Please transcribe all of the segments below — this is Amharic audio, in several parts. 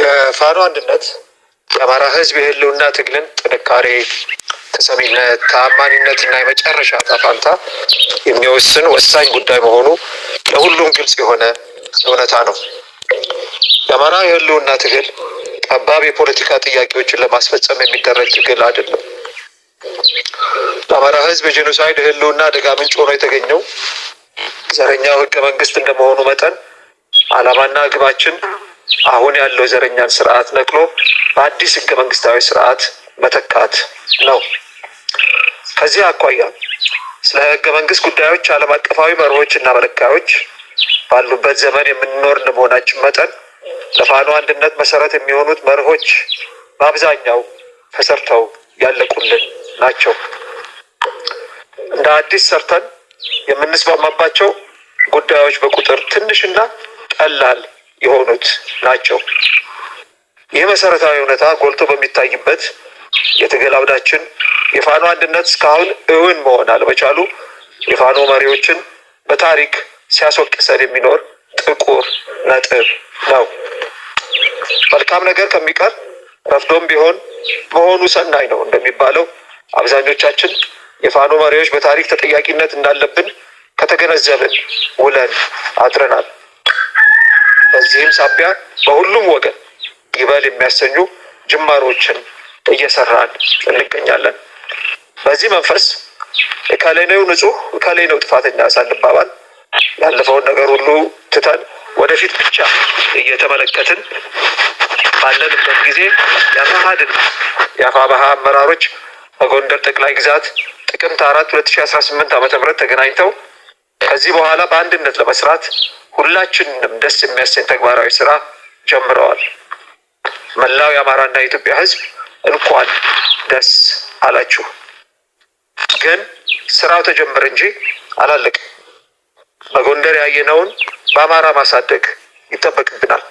የፋኖ አንድነት የአማራ ህዝብ የህልውና ትግልን ጥንካሬ፣ ተሰሚነት፣ ተአማኒነት እና የመጨረሻ ዕጣ ፈንታ የሚወስን ወሳኝ ጉዳይ መሆኑ ለሁሉም ግልጽ የሆነ እውነታ ነው። የአማራ የህልውና ትግል ጠባብ የፖለቲካ ጥያቄዎችን ለማስፈጸም የሚደረግ ትግል አይደለም። ለአማራ ህዝብ የጄኖሳይድ ህልውና አደጋ ምንጭ ሆኖ የተገኘው ዘረኛው ህገ መንግስት እንደመሆኑ መጠን አላማና ግባችን አሁን ያለው የዘረኛን ስርዓት ነቅሎ በአዲስ ህገ መንግስታዊ ስርዓት መተካት ነው። ከዚህ አኳያ ስለ ህገ መንግስት ጉዳዮች ዓለም አቀፋዊ መርሆች እና መለካዮች ባሉበት ዘመን የምንኖር እንደመሆናችን መጠን ለፋኖ አንድነት መሰረት የሚሆኑት መርሆች በአብዛኛው ተሰርተው ያለቁልን ናቸው። እንደ አዲስ ሰርተን የምንስማማባቸው ጉዳዮች በቁጥር ትንሽና ቀላል የሆኑት ናቸው። ይህ መሰረታዊ እውነታ ጎልቶ በሚታይበት የትግል አውዳችን የፋኖ አንድነት እስካሁን እውን መሆን አለመቻሉ የፋኖ መሪዎችን በታሪክ ሲያስወቅሰን የሚኖር ጥቁር ነጥብ ነው። መልካም ነገር ከሚቀር ረፍዶም ቢሆን መሆኑ ሰናይ ነው እንደሚባለው አብዛኞቻችን የፋኖ መሪዎች በታሪክ ተጠያቂነት እንዳለብን ከተገነዘብን ውለን አድረናል። በዚህም ሳቢያ በሁሉም ወገን ይበል የሚያሰኙ ጅማሮችን እየሰራን እንገኛለን። በዚህ መንፈስ እከሌ ነው ንጹሕ፣ እከሌ ነው ጥፋተኛ ሳንባባል ያለፈውን ነገር ሁሉ ትተን ወደፊት ብቻ እየተመለከትን ባለንበት ጊዜ ያፋሃድን የአፋባሃ አመራሮች በጎንደር ጠቅላይ ግዛት ጥቅምት አራት ሁለት ሺ አስራ ስምንት ዓመተ ምህረት ተገናኝተው ከዚህ በኋላ በአንድነት ለመስራት ሁላችንንም ደስ የሚያሰኝ ተግባራዊ ስራ ጀምረዋል። መላው የአማራና የኢትዮጵያ ህዝብ እንኳን ደስ አላችሁ። ግን ስራው ተጀመረ እንጂ አላለቅም። በጎንደር ያየነውን በአማራ ማሳደግ ይጠበቅብናል።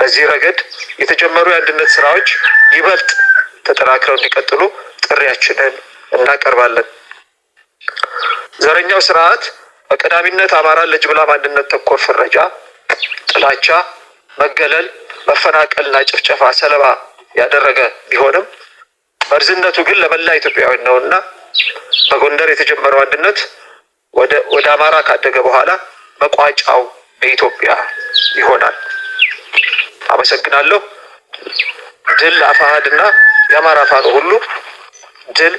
በዚህ ረገድ የተጀመሩ የአንድነት ስራዎች ይበልጥ ተጠናክረው እንዲቀጥሉ ጥሪያችንን እናቀርባለን። ዘረኛው ስርዓት በቀዳሚነት አማራ ልጅ ብላ ማንነት ተኮር ፍረጃ፣ ጥላቻ፣ መገለል፣ መፈናቀልና ጭፍጨፋ ሰለባ ያደረገ ቢሆንም መርዝነቱ ግን ለመላ ነው እና በጎንደር የተጀመረው አንድነት ወደ አማራ ካደገ በኋላ መቋጫው በኢትዮጵያ ይሆናል። አመሰግናለሁ። ድል ለአፋሃድ እና የአማራ ፋኖ ሁሉ፣ ድል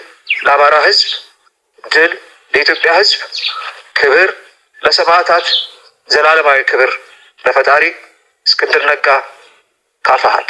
ለአማራ ህዝብ ድል ለኢትዮጵያ ህዝብ። ክብር ለሰማዕታት ዘላለማዊ ክብር ለፈጣሪ። እስክንድር ነጋ ካፋሃት